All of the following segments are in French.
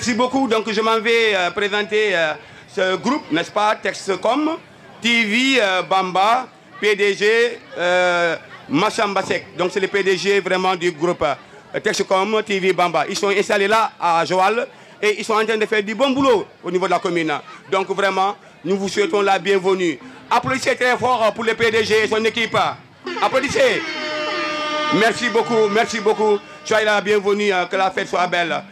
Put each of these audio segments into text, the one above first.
Merci beaucoup. Donc, je m'en vais euh, présenter euh, ce groupe, n'est-ce pas, Texcom, TV euh, Bamba, PDG Machambasek. Donc, c'est les PDG vraiment du groupe Texcom TV Bamba. Ils sont installés là à Joal et ils sont en train de faire du bon boulot au niveau de la commune. Donc, vraiment, nous vous souhaitons la bienvenue. Applaudissez très fort pour les PDG et son équipe. Applaudissez. Merci beaucoup, merci beaucoup. Soyez la bienvenue, que la fête soit belle.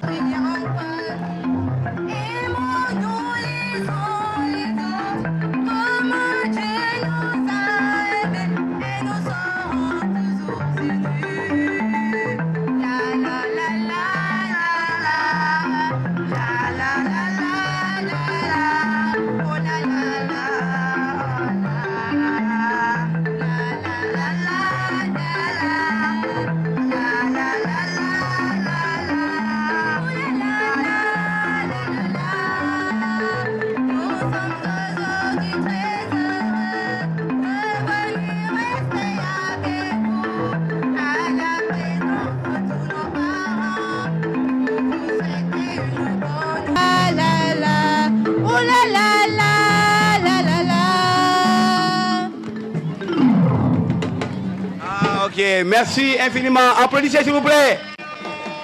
Merci infiniment. Applaudissez s'il vous plaît.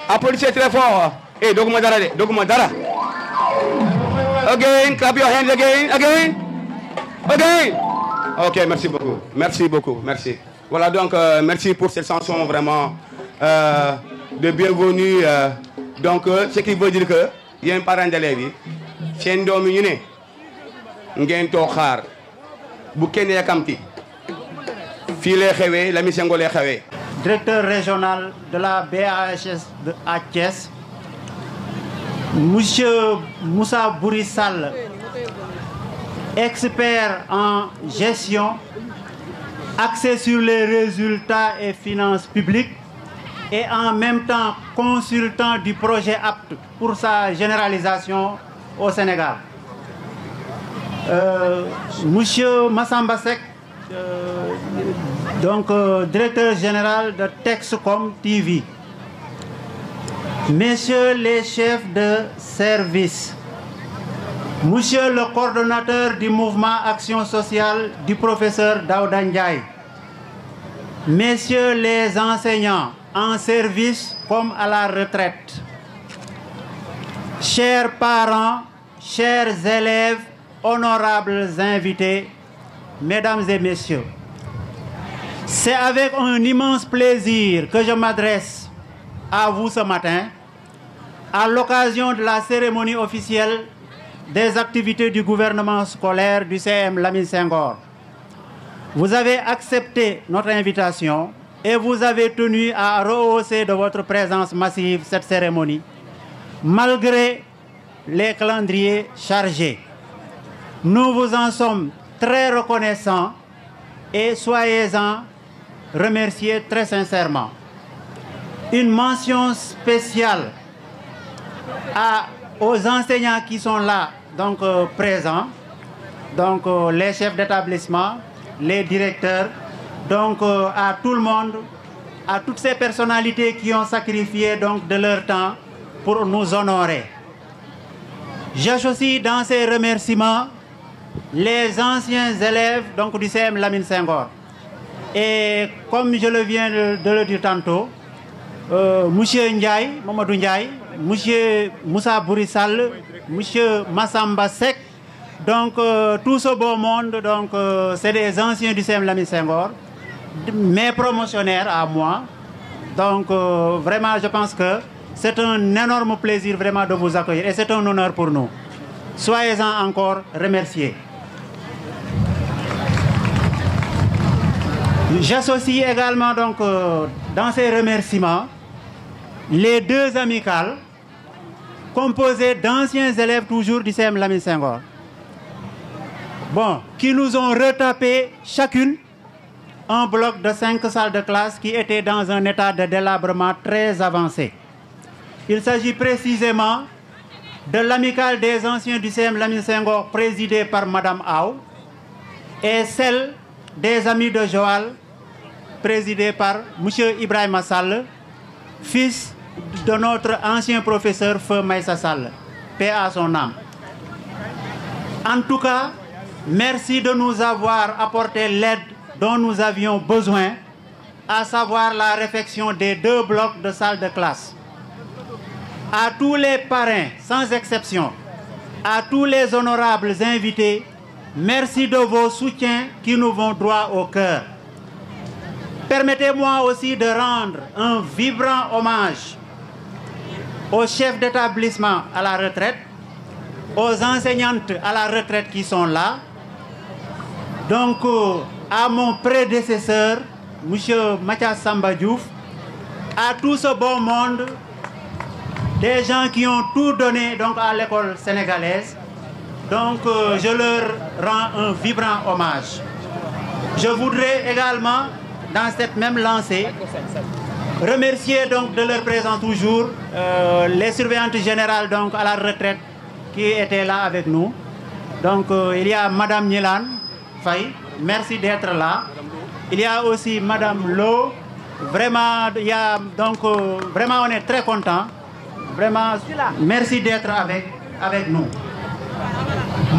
Applaudissez très fort. Et documentara, documentaire. Again, clap your hands again, again, again. Ok, merci beaucoup. Merci beaucoup, merci. Voilà donc, euh, merci pour cette chanson vraiment euh, de bienvenue. Euh. donc, ce qui veut dire que il y a un parent d'élève. C'est un homme qui ngeen toog xaar bu kenn yàkkamti la mission est directeur régional de la BAHS de Thiès, Monsieur Moussa Bourissal, expert en gestion, axé sur les résultats et finances publiques, et en même temps consultant du projet APT pour sa généralisation au Sénégal. M. Euh, monsieur Massambasek, euh, donc euh, directeur général de Texcom TV. Messieurs les chefs de service, Monsieur le coordonnateur du mouvement Action sociale du professeur Dao Messieurs les enseignants en service comme à la retraite, chers parents, chers élèves, honorables invités, Mesdames et Messieurs, c'est avec un immense plaisir que je m'adresse à vous ce matin à l'occasion de la cérémonie officielle des activités du gouvernement scolaire du CM Lamine Senghor. Vous avez accepté notre invitation et vous avez tenu à rehausser de votre présence massive cette cérémonie, malgré les calendriers chargés. Nous vous en sommes très reconnaissants et soyez-en remercier très sincèrement. Une mention spéciale aux enseignants qui sont là, donc euh, présents, donc euh, les chefs d'établissement, les directeurs, donc euh, à tout le monde, à toutes ces personnalités qui ont sacrifié donc de leur temps pour nous honorer. aussi dans ces remerciements les anciens élèves donc, du CM Lamine Senghor, et comme je le viens de, le dire tantôt, euh, Monsieur Ndiaye, Mamadou Moussa Bourissal, M. Massamba Sek, donc euh, tout ce beau monde, donc euh, c'est des anciens du CM Lamy Senghor, mes promotionnaires à moi. Donc euh, vraiment, je pense que c'est un énorme plaisir vraiment de vous accueillir et c'est un honneur pour nous. Soyez-en encore remerciés. J'associe également donc euh, dans ces remerciements les deux amicales composées d'anciens élèves toujours du CM Lamine Senghor. Bon, qui nous ont retapé chacune un bloc de cinq salles de classe qui étaient dans un état de délabrement très avancé. Il s'agit précisément de l'amicale des anciens du CM Lamine Senghor présidée par Madame Aou et celle des amis de Joal présidé par M. Ibrahim Assal, fils de notre ancien professeur Feu Maïssa Sall, paix à son âme. En tout cas, merci de nous avoir apporté l'aide dont nous avions besoin, à savoir la réfection des deux blocs de salles de classe. À tous les parrains, sans exception, à tous les honorables invités, merci de vos soutiens qui nous vont droit au cœur. Permettez-moi aussi de rendre un vibrant hommage aux chefs d'établissement à la retraite, aux enseignantes à la retraite qui sont là, donc euh, à mon prédécesseur, M. Mathias Samba à tout ce bon monde, des gens qui ont tout donné donc, à l'école sénégalaise. Donc euh, je leur rends un vibrant hommage. Je voudrais également dans cette même lancée, remercier donc de leur présence toujours euh, les surveillantes générales donc à la retraite qui étaient là avec nous. Donc euh, il y a Madame Nilan Faye, merci d'être là. Il y a aussi Madame Lo, vraiment, donc euh, vraiment on est très content. Vraiment, merci d'être avec, avec nous.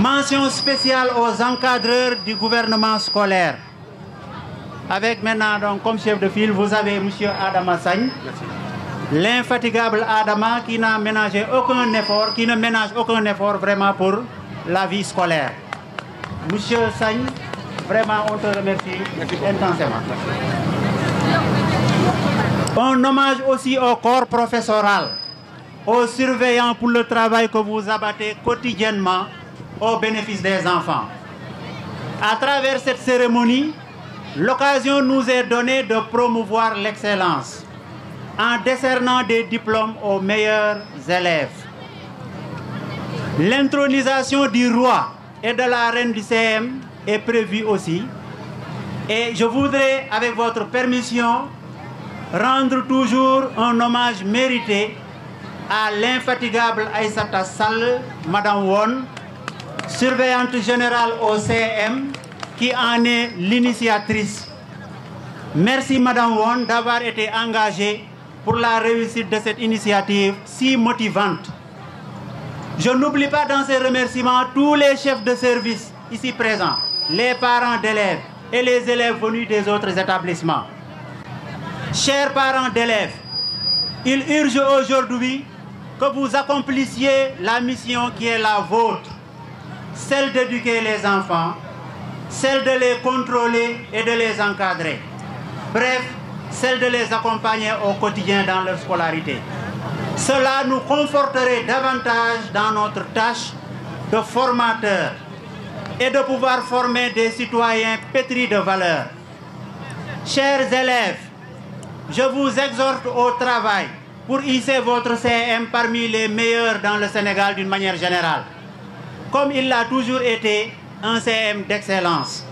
Mention spéciale aux encadreurs du gouvernement scolaire. Avec maintenant, comme chef de file, vous avez M. Adama Sagne, l'infatigable Adama qui n'a ménagé aucun effort, qui ne ménage aucun effort vraiment pour la vie scolaire. Monsieur Sagne, vraiment, on te remercie intensément. On hommage aussi au corps professoral, aux surveillants pour le travail que vous abattez quotidiennement au bénéfice des enfants. À travers cette cérémonie, l'occasion nous est donnée de promouvoir l'excellence en décernant des diplômes aux meilleurs élèves. L'intronisation du roi et de la reine du CM est prévue aussi. Et je voudrais, avec votre permission, rendre toujours un hommage mérité à l'infatigable Aïssata Sall, Madame Won, surveillante générale au CM, qui en est l'initiatrice. Merci Madame Won d'avoir été engagée pour la réussite de cette initiative si motivante. Je n'oublie pas dans ces remerciements tous les chefs de service ici présents, les parents d'élèves et les élèves venus des autres établissements. Chers parents d'élèves, il urge aujourd'hui que vous accomplissiez la mission qui est la vôtre, celle d'éduquer les enfants celle de les contrôler et de les encadrer. Bref, celle de les accompagner au quotidien dans leur scolarité. Cela nous conforterait davantage dans notre tâche de formateur et de pouvoir former des citoyens pétris de valeurs. Chers élèves, je vous exhorte au travail pour hisser votre CM parmi les meilleurs dans le Sénégal d'une manière générale. Comme il l'a toujours été, un CM d'excellence.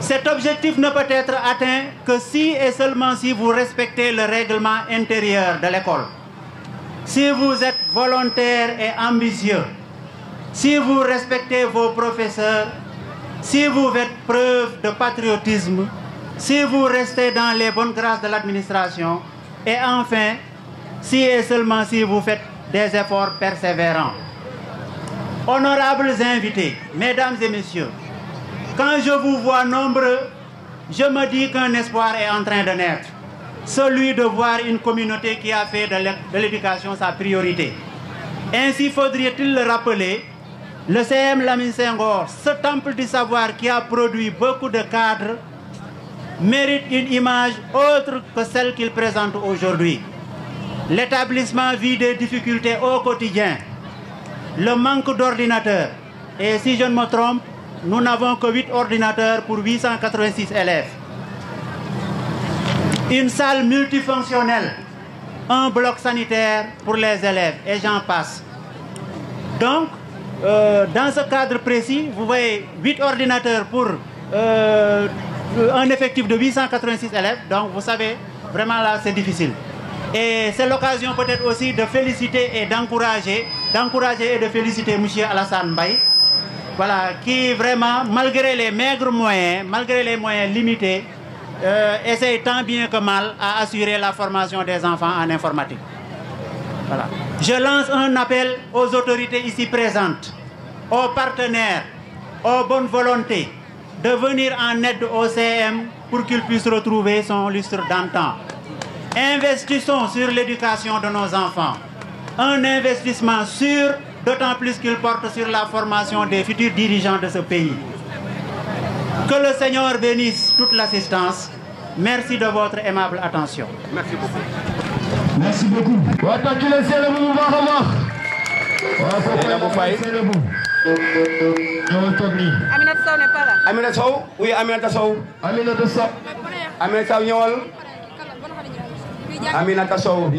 Cet objectif ne peut être atteint que si et seulement si vous respectez le règlement intérieur de l'école. Si vous êtes volontaire et ambitieux, si vous respectez vos professeurs, si vous faites preuve de patriotisme, si vous restez dans les bonnes grâces de l'administration, et enfin, si et seulement si vous faites des efforts persévérants. Honorables invités, mesdames et messieurs, quand je vous vois nombreux, je me dis qu'un espoir est en train de naître, celui de voir une communauté qui a fait de l'éducation sa priorité. Ainsi faudrait-il le rappeler, le CM Lamine Senghor, ce temple du savoir qui a produit beaucoup de cadres, mérite une image autre que celle qu'il présente aujourd'hui. L'établissement vit des difficultés au quotidien le manque d'ordinateurs. Et si je ne me trompe, nous n'avons que 8 ordinateurs pour 886 élèves. Une salle multifonctionnelle, un bloc sanitaire pour les élèves, et j'en passe. Donc, euh, dans ce cadre précis, vous voyez 8 ordinateurs pour euh, un effectif de 886 élèves. Donc, vous savez, vraiment là, c'est difficile. Et c'est l'occasion peut-être aussi de féliciter et d'encourager d'encourager et de féliciter M. Alassane Mbaye, voilà, qui vraiment, malgré les maigres moyens, malgré les moyens limités, euh, essaye tant bien que mal à assurer la formation des enfants en informatique. Voilà. Je lance un appel aux autorités ici présentes, aux partenaires, aux bonnes volontés, de venir en aide au CM pour qu'il puisse retrouver son lustre d'antan. Investissons sur l'éducation de nos enfants un investissement sûr, d'autant plus qu'il porte sur la formation des futurs dirigeants de ce pays. Que le Seigneur bénisse toute l'assistance. Merci de votre aimable attention. Merci beaucoup. Merci beaucoup. Aminata Sow n'est pas là. Aminata Sow Oui, Aminata Sow. Aminata Sow. Aminata Sow, Aminata Sow,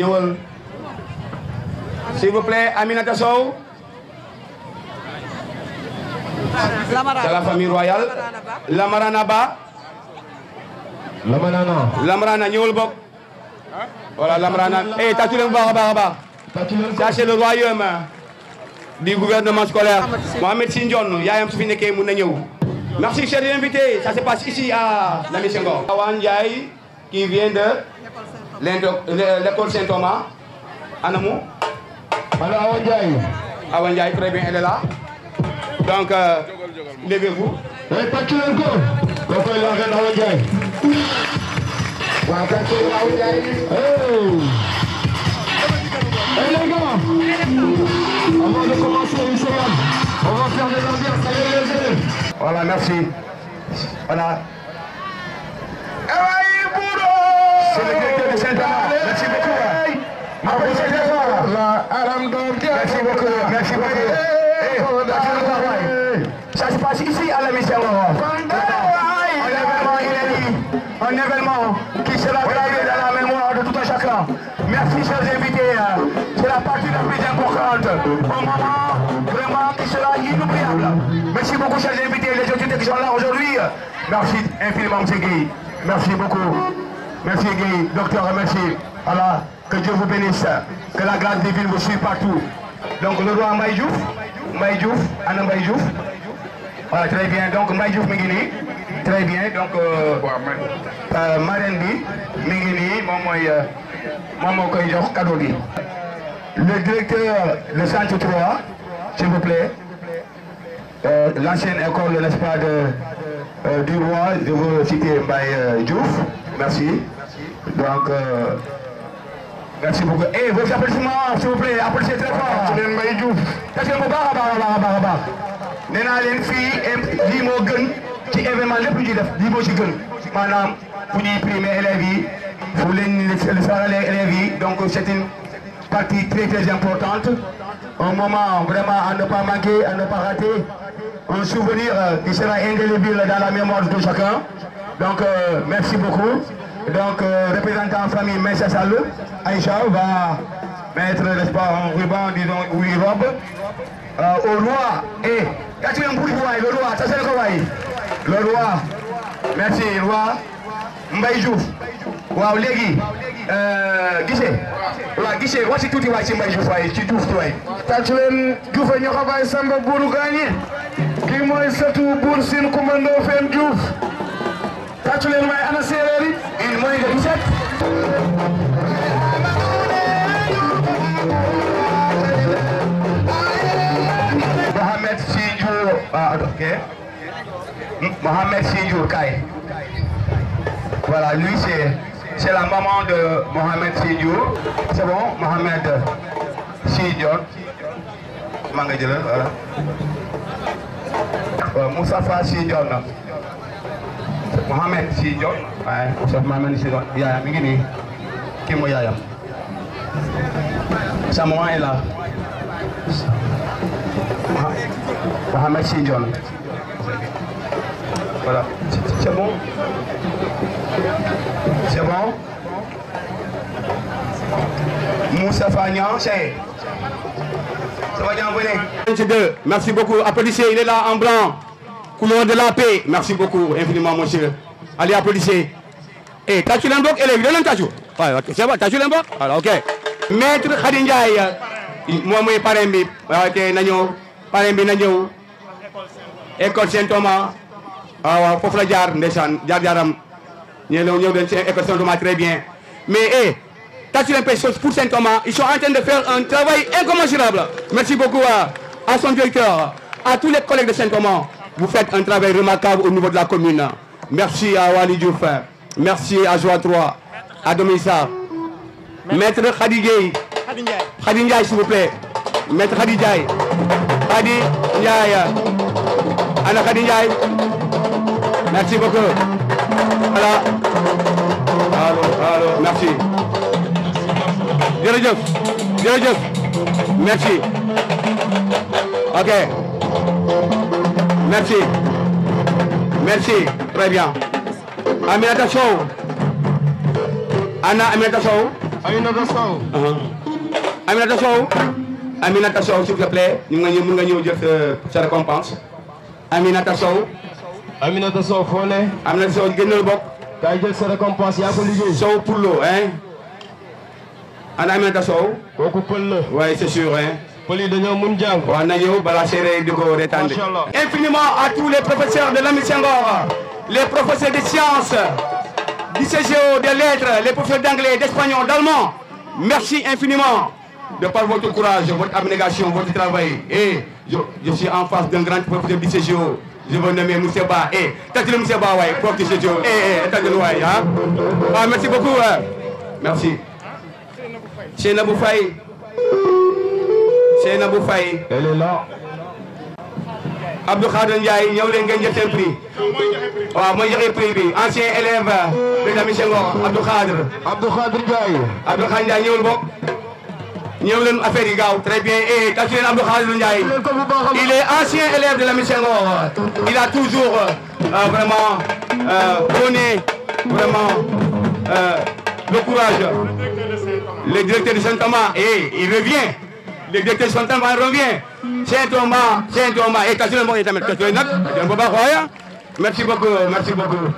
s'il vous plaît, Aminata Sow. la famille royale. Lamarana Ba. Lamarana. Lamarana ñëwul Voilà Lamarana. Eh tas leen le baax c'est le royaume hein, du gouvernement scolaire. Mohamed Sinjon, yaayam su fi Merci chers invités. Ça se passe ici à la mission. Awan qui vient de l'école Saint-Thomas. Anamu. Madame Awa Ndiaye. très bien, elle est là. Donc, euh, levez-vous. Et eh, eh. eh, Voilà, on va faire des ambiances. les Voilà, merci. Voilà. C'est le directeur de saint Merci beaucoup. Hein. Merci beaucoup, merci beaucoup. Ça se passe ici à la mission. Un événement, un événement qui sera gravé dans la mémoire de tout un chacun. Merci chers invités. C'est la partie la plus importante. Un moment vraiment qui sera inoubliable. Merci beaucoup chers invités, les autorités qui sont là aujourd'hui. Merci infiniment M. Guy. Merci beaucoup. Merci Guy. Docteur, merci. Voilà. Que Dieu vous bénisse. Que la grâce divine vous suive partout. Donc le roi Maïdjouf, Maïdjouf, Anna Maïdjouf. Voilà, très bien. Donc Maïdjouf Migini. Très bien. Donc euh, euh, marraine bi Migini, euh, Le directeur le centre 3, s'il vous plaît. Euh, l'ancienne école, de ce euh, du roi, je veux citer Mbaye Merci. Donc Merci beaucoup. Et eh, vos applaudissements, s'il vous plaît, applaudissez très fort. Merci que vous barra barra barra une fille, Nena len fi li mo gën ci événement lepp vous def li mo ci vie manam bu ñuy primer élèves yi le donc c'est une partie très très importante un moment vraiment à ne pas manquer à ne pas rater un souvenir euh, qui sera indélébile dans la mémoire de chacun donc euh, merci beaucoup donc, euh, représentant famille Messa Salou, Aïcha va mettre, n'est-ce pas, un ruban, disons, ou une robe euh, au roi. Et, quand tu un bout de roi, le roi, ça c'est le roi. Le roi, merci, roi Mbaye Diouf. Waouh, Légui. euh, Guichet. Waaw Guichet wax ci tuuti waay ci Mbaye Diouf waay ci Diouf waay. tàcc leen Diouf ñu xabaay Samba buuru gaañi. kii mooy sëtu buur Sine Kumba Ndoffène Jouf. tàcc leen waay ana séeréer yi. Mohamed Sidiou, ah, ok. Hmm, Mohamed Sidiou, Kai. Voilà, lui c'est la maman de Mohamed Sidio. C'est bon, Mohamed Sidiour. Mangé voilà. Moussa Mohamed c'est waaye Oustaz Mohamed Sijo yaayam mi ngi nii kii mooy yaayam sa maman est là Mohamed Sijo voilà c'est bon c'est bon Moussa Fagnan c'est ça va bien 22, merci beaucoup applaudissez il est là en blanc couleur de la paix. Merci beaucoup infiniment, mon cher. Allez, applaudissez. Et eh, Tachou est élève, donne un Tachou. C'est bon, Tachou Lembok Alors, ok. Maître Khadi moi, moi, parrain, bi, ah, parrain, bi, nanyo, école Saint-Thomas, ah, fofu la jaar, ndessan, jaar, jaaram, ñe ñew dañ ci école Saint-Thomas très bien. Mais, eh, Tachou Lembok, pour Saint-Thomas, ils sont en train de faire un travail incommensurable. Merci beaucoup à, ah, à son directeur, à tous les collègues de Saint-Thomas. Vous faites un travail remarquable au niveau de la commune. Hein. Merci à Wali Diouf. Hein. Merci à Joa 3, à Domissa. Maître Khadigay. Khadigay, s'il vous plaît. Maître Khadigay. Khadigay. Anna Khadigay. Merci beaucoup. Voilà. Allô, allô. Merci. Merci. OK. Merci. Merci. Très bien. Aminata Sow. Anna Aminata Sow. Aminata Sow. Uh-huh. Aminata Sow. Aminata Sow, s'il vous plaît. Nous allons nous dire sa récompense. Aminata Sow. Aminata Sow, Aminata Sow, le Bok. T'as sa récompense, Sow hein. Anna Aminata Sow. Beaucoup Oui, c'est sûr, hein infiniment à tous les professeurs de mission les professeurs de sciences du CGO des lettres les professeurs d'anglais d'espagnol d'allemand merci infiniment de par votre courage votre abnégation votre travail et je, suis en face d'un grand professeur du CGO je veux nommer Monsieur Ba et eh, Monsieur prof du CGO et eh, eh, hein. ah, merci beaucoup merci C'est Faye elle est là Abdou Khadir Ndiaye ñëw leen ngeen j'ai seen eh, ancien élève de la mission Abdou Khadr. Abdou Khadir Ndiaye Abdou Khadir Ndiaye ñëwul bokk leen très bien eh Abdou Ndiaye il est ancien élève de mission mission. il a toujours euh, vraiment euh, donné vraiment euh, le courage le directeur de Saint-Thomas Et eh, il revient directeur train va revient. c'est eh, un et Merci beaucoup, merci beaucoup.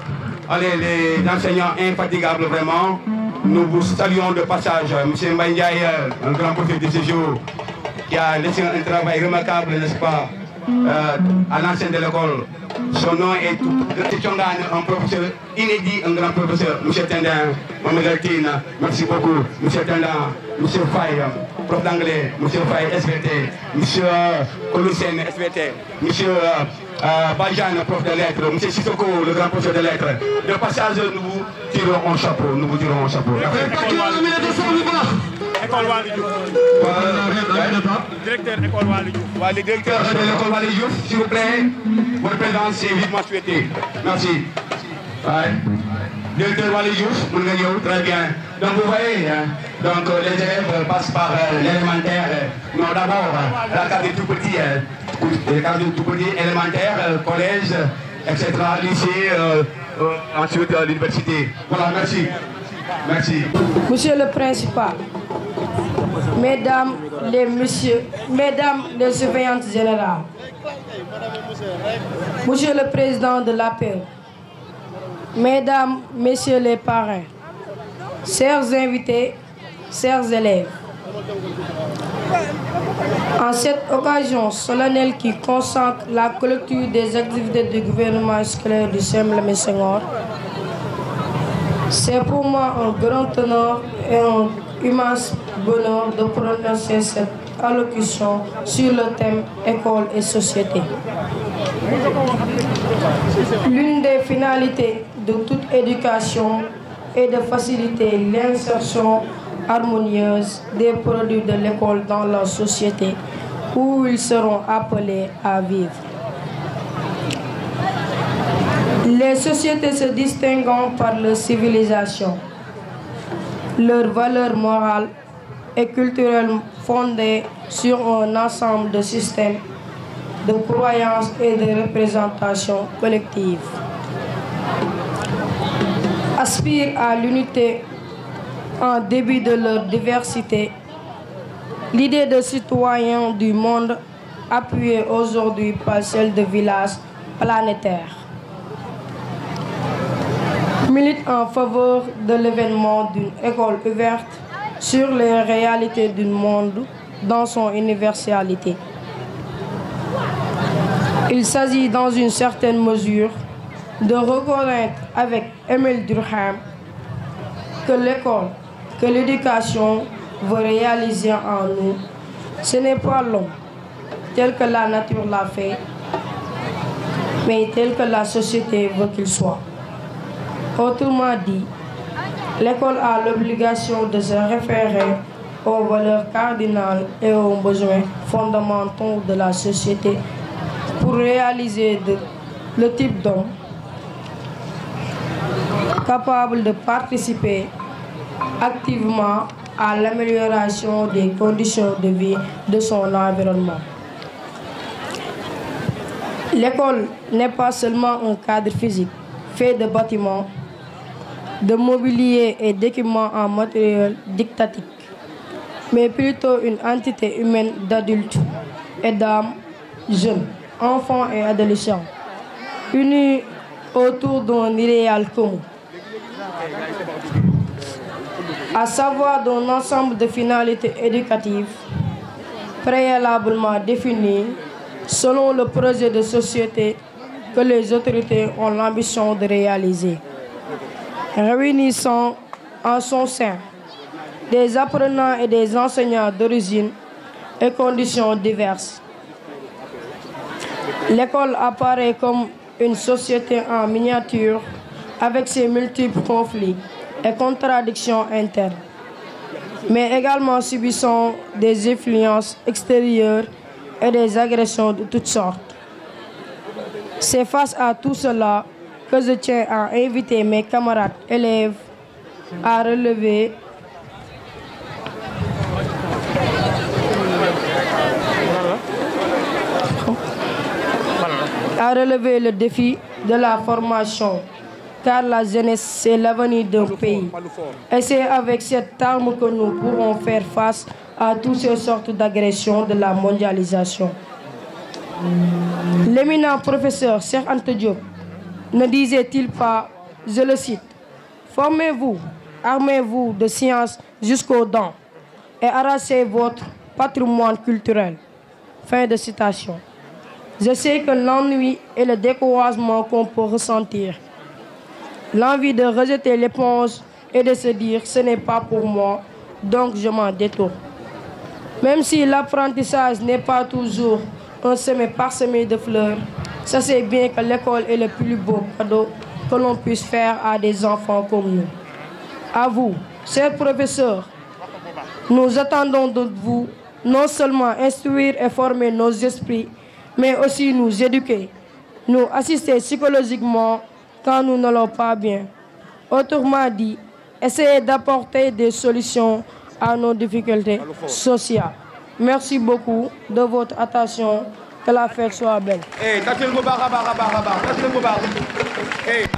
Allez, les enseignants infatigables, vraiment. Nous vous saluons de passage. Monsieur Mbandiaï, un grand professeur de ce jour, qui a laissé un travail remarquable, n'est-ce pas, euh, à l'ancienne de l'école. Son nom est Chongan, un professeur inédit, un grand professeur. Monsieur Tendin, Mme Merci beaucoup, Monsieur Tendin, Monsieur Faye prof d'anglais, monsieur Faye, SVT, monsieur euh, SVT, monsieur euh, euh, Bajan, prof de lettres, monsieur Sissoko, le grand professeur de lettres. De passage, nous vous tirons un chapeau, nous vous tirons un chapeau. directeur école le directeur de l'école s'il vous plaît votre présence est vivement souhaitée merci. Ouais. Directeur Wally Diouf, très bien. Donc vous voyez, hein, donc, euh, les élèves euh, passent par euh, l'élémentaire. Euh, non, d'abord, euh, la carte du tout petit, l'élémentaire, le élémentaire, collège, etc., lycée, ensuite l'université. Voilà, merci. Merci. Monsieur le principal, mesdames les messieurs, mesdames les surveillantes générales, monsieur le président de l'APE, Mesdames, Messieurs les parrains, chers invités, chers élèves, en cette occasion solennelle qui consacre la clôture des activités du gouvernement scolaire du Semblem Senghor, c'est pour moi un grand honneur et un immense bonheur de prononcer cette allocution sur le thème école et société. L'une des finalités de toute éducation et de faciliter l'insertion harmonieuse des produits de l'école dans la société où ils seront appelés à vivre. Les sociétés se distinguent par leur civilisation, leurs valeurs morales et culturelles fondées sur un ensemble de systèmes de croyances et de représentations collectives. Aspire à l'unité en début de leur diversité. L'idée de citoyens du monde appuyée aujourd'hui par celle de villages planétaires milite en faveur de l'événement d'une école ouverte sur les réalités du monde dans son universalité. Il s'agit dans une certaine mesure de reconnaître avec Emile Durkheim que l'école, que l'éducation veut réaliser en nous, ce n'est pas l'homme tel que la nature l'a fait, mais tel que la société veut qu'il soit. Autrement dit, l'école a l'obligation de se référer aux valeurs cardinales et aux besoins fondamentaux de la société pour réaliser le type d'homme capable de participer activement à l'amélioration des conditions de vie de son environnement. L'école n'est pas seulement un cadre physique fait de bâtiments, de mobilier et d'équipements en matériel dictatique, mais plutôt une entité humaine d'adultes et d'âmes jeunes, enfants et adolescents, unis autour d'un idéal commun à savoir d'un ensemble de finalités éducatives préalablement définies selon le projet de société que les autorités ont l'ambition de réaliser, réunissant en son sein des apprenants et des enseignants d'origine et conditions diverses. L'école apparaît comme une société en miniature avec ses multiples conflits et contradictions internes, mais également subissant des influences extérieures et des agressions de toutes sortes. C'est face à tout cela que je tiens à inviter mes camarades élèves à relever à relever le défi de la formation car la jeunesse, c'est l'avenir d'un pays. Et c'est avec cette arme que nous pourrons faire face à toutes ces sortes d'agressions de la mondialisation. L'éminent professeur Serge Ante ne disait-il pas, je le cite, Formez-vous, armez-vous de science jusqu'aux dents et arrachez votre patrimoine culturel. Fin de citation. Je sais que l'ennui et le découragement qu'on peut ressentir L'envie de rejeter l'éponge et de se dire ce n'est pas pour moi, donc je m'en détourne. Même si l'apprentissage n'est pas toujours un semé parsemé de fleurs, ça c'est bien que l'école est le plus beau cadeau que l'on puisse faire à des enfants comme nous. À vous, chers professeurs, nous attendons de vous non seulement instruire et former nos esprits, mais aussi nous éduquer, nous assister psychologiquement quand nous n'allons pas bien. Autrement dit, essayer d'apporter des solutions à nos difficultés sociales. Merci beaucoup de votre attention. Que la fête soit belle.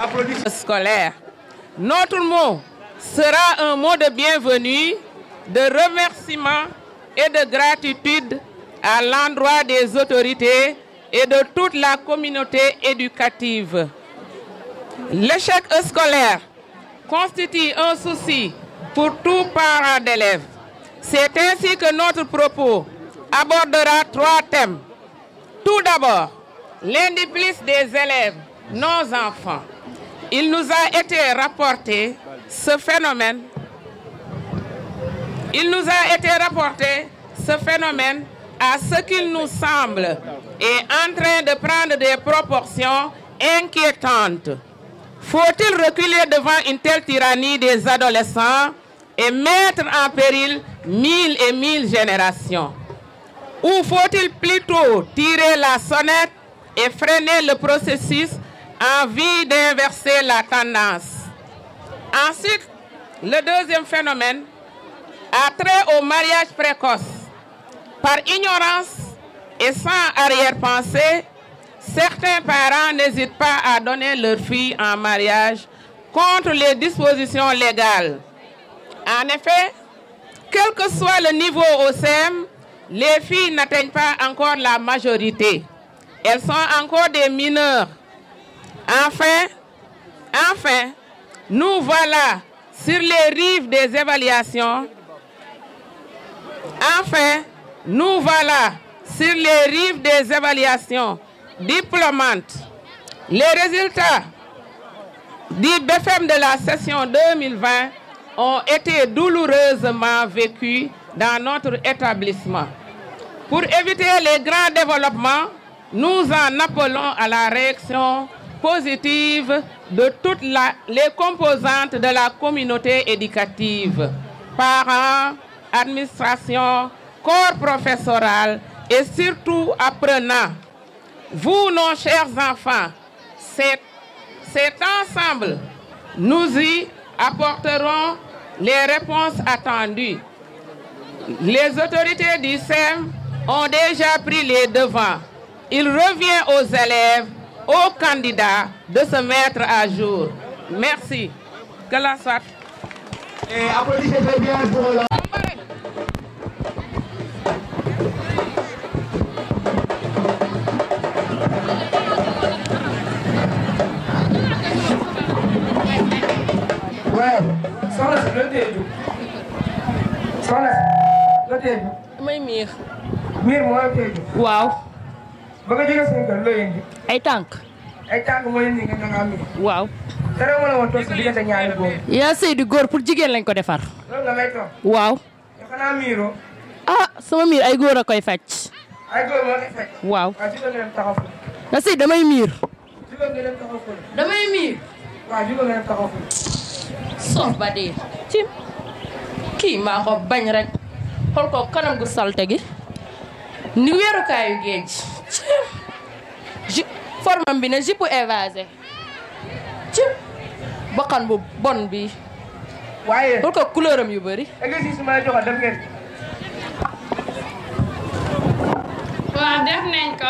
applaudissements Scolaire. Notre mot sera un mot de bienvenue, de remerciement et de gratitude à l'endroit des autorités et de toute la communauté éducative. L'échec scolaire constitue un souci pour tout parent d'élèves. C'est ainsi que notre propos abordera trois thèmes. Tout d'abord, l'indiplice des élèves, nos enfants. Il nous a été rapporté ce phénomène. Il nous a été rapporté ce phénomène à ce qu'il nous semble est en train de prendre des proportions inquiétantes. Faut-il reculer devant une telle tyrannie des adolescents et mettre en péril mille et mille générations Ou faut-il plutôt tirer la sonnette et freiner le processus en vue d'inverser la tendance Ensuite, le deuxième phénomène a trait au mariage précoce. Par ignorance et sans arrière-pensée, Certains parents n'hésitent pas à donner leur fille en mariage contre les dispositions légales. En effet, quel que soit le niveau au SEM, les filles n'atteignent pas encore la majorité. Elles sont encore des mineurs. Enfin, enfin, nous voilà sur les rives des évaluations. Enfin, nous voilà sur les rives des évaluations Diplomante. les résultats du BFM de la session 2020 ont été douloureusement vécus dans notre établissement. Pour éviter les grands développements, nous en appelons à la réaction positive de toutes les composantes de la communauté éducative, parents, administration, corps professoral et surtout apprenants. Vous, nos chers enfants, cet, ensemble, nous y apporterons les réponses attendues. Les autorités du SEM ont déjà pris les devants. Il revient aux élèves, aux candidats de se mettre à jour. Merci. Que la soit. bien loo tee jug soxna si loo tee jug. damay miir. miir moo loo tee jug. waaw. ba nga jógee seen kër loo yëngu. ay tànk. ay tànk moo yëngu nga nga am. waaw. dara ma la woon toog si diggante ñaari góor. yaa Seydou góor pour jigéen lañ ko defar. loolu la may toog. waaw. yow xanaa miiroo. ah sama miir ay góor a koy faj. ay góor moo koy faj. waaw. waaw jigéen ngeen taxaw fële. yaa Seydou damay miir. jigéen ngeen taxaw fële. damay miir. waaw jigéen ngeen taxaw fële. soof ba dee ci kii maa ko bañ rek xool ko kanam gu salte gi ni weerukaayu géej ci formam bi ne jipu évasé ci bakkan bu bon bi xool ko couleuram yu bari exercice ma joxoon def ngeen ko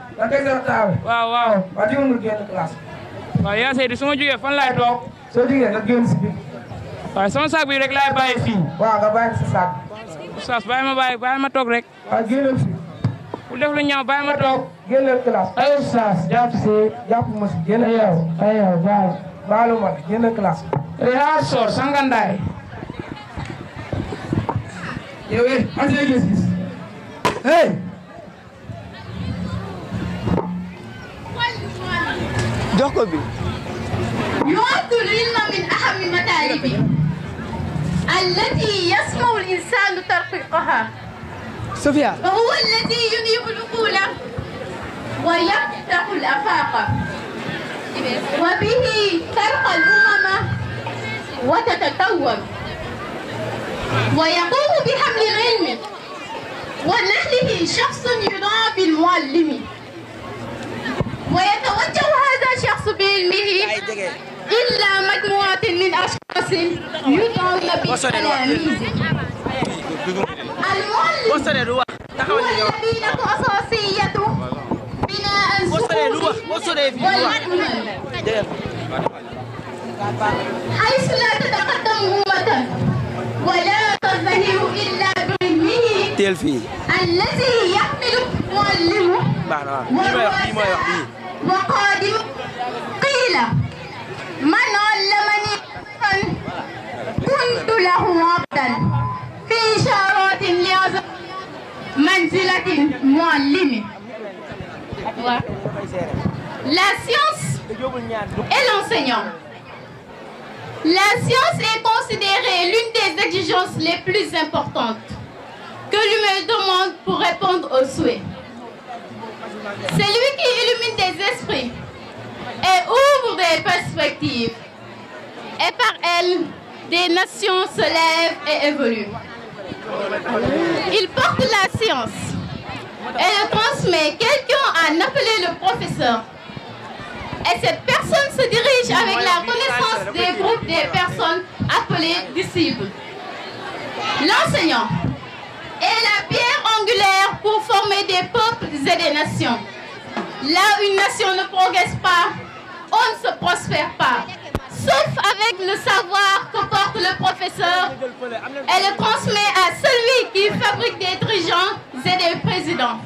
da nga koy def taawe. waaw waaw wax dëgg yàlla génn classe. waaw yaa fan laay toog. soo jógee nga génn si biir. waaw sama saak bi rek laay bàyyi fii. waaw nga bàyyi si saak. oustaz bàyyi ma bàyyi bàyyi ma toog rek. waaw génnal fii. ku def lu ñaaw bàyyi ma toog. génnal classe. ay oustaz jàpp si jàpp ma si génn yow ay yow baal baalu ma génn classe. Rihard Sor Sangandaay. yow eh as gis-gis. hey. جوكوبي يعد العلم من أهم المتاعب التي يسمع الإنسان ترقيقها سفيا وهو الذي ينيب العقول ويفتح الآفاق وبه ترقى الأمم وتتطور ويقوم بحمل العلم ونحله شخص يدعى بالمعلم ويتوجه شخص بعلمه إلا مجموعة من أشخاص يدعون بالتلاميذ المعلم هو المدينة أساسية بناء السكون حيث لا تتقدم أمة ولا تزدهر إلا بعلمه الذي يحمل معلمه وقادم la la science et l'enseignant la science est considérée l'une des exigences les plus importantes que l'humain demande pour répondre aux souhaits. C'est lui qui illumine des esprits et ouvre des perspectives. Et par elles des nations se lèvent et évoluent. Il porte la science et le transmet. Quelqu'un a appelé le professeur. Et cette personne se dirige avec la connaissance des groupes des personnes appelées disciples. L'enseignant est la pierre angulaire pour former des peuples et des nations. Là, où une nation ne progresse pas prospère pas, sauf avec le savoir que porte le professeur elle le transmet à celui qui fabrique des dirigeants et des présidents.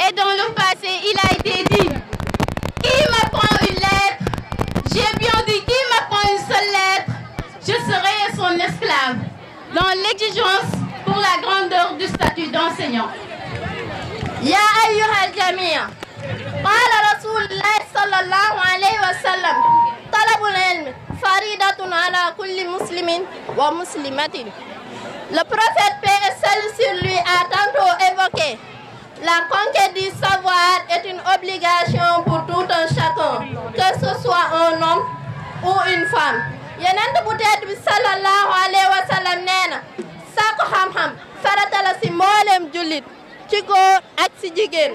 Et dans le passé, il a été dit, qui m'apprend une lettre J'ai bien dit, qui m'apprend une seule lettre Je serai son esclave, dans l'exigence pour la grandeur du statut d'enseignant. Ya Jamir. qaala rasuulullaahi sallallaahu alayhi wa sallam talabul ilmi faridatun ala kulli muslimin wa muslimatin le prophète paix et salut sur lui a tantôt évoqué la conquête du savoir est une obligation pour tout que ce soit un homme ou une femme yonent bu bi sallallahu alayhi wa sallam nee na sàkku xam si mboolem jullit ci góor ak si jigéen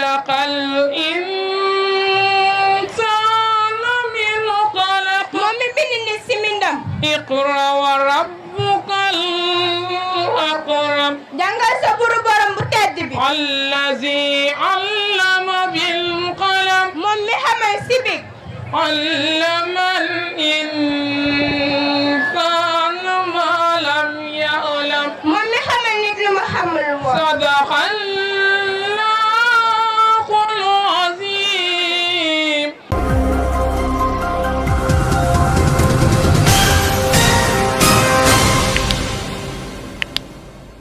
خلق الإنسان من خلق اقرأ وربك الأكرم jangal sa buru borom bu tedd bi الذي علم بالقلم moom mi xamal علم الإنسان